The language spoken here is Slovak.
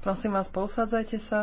Prosím vás, pousadzajte sa.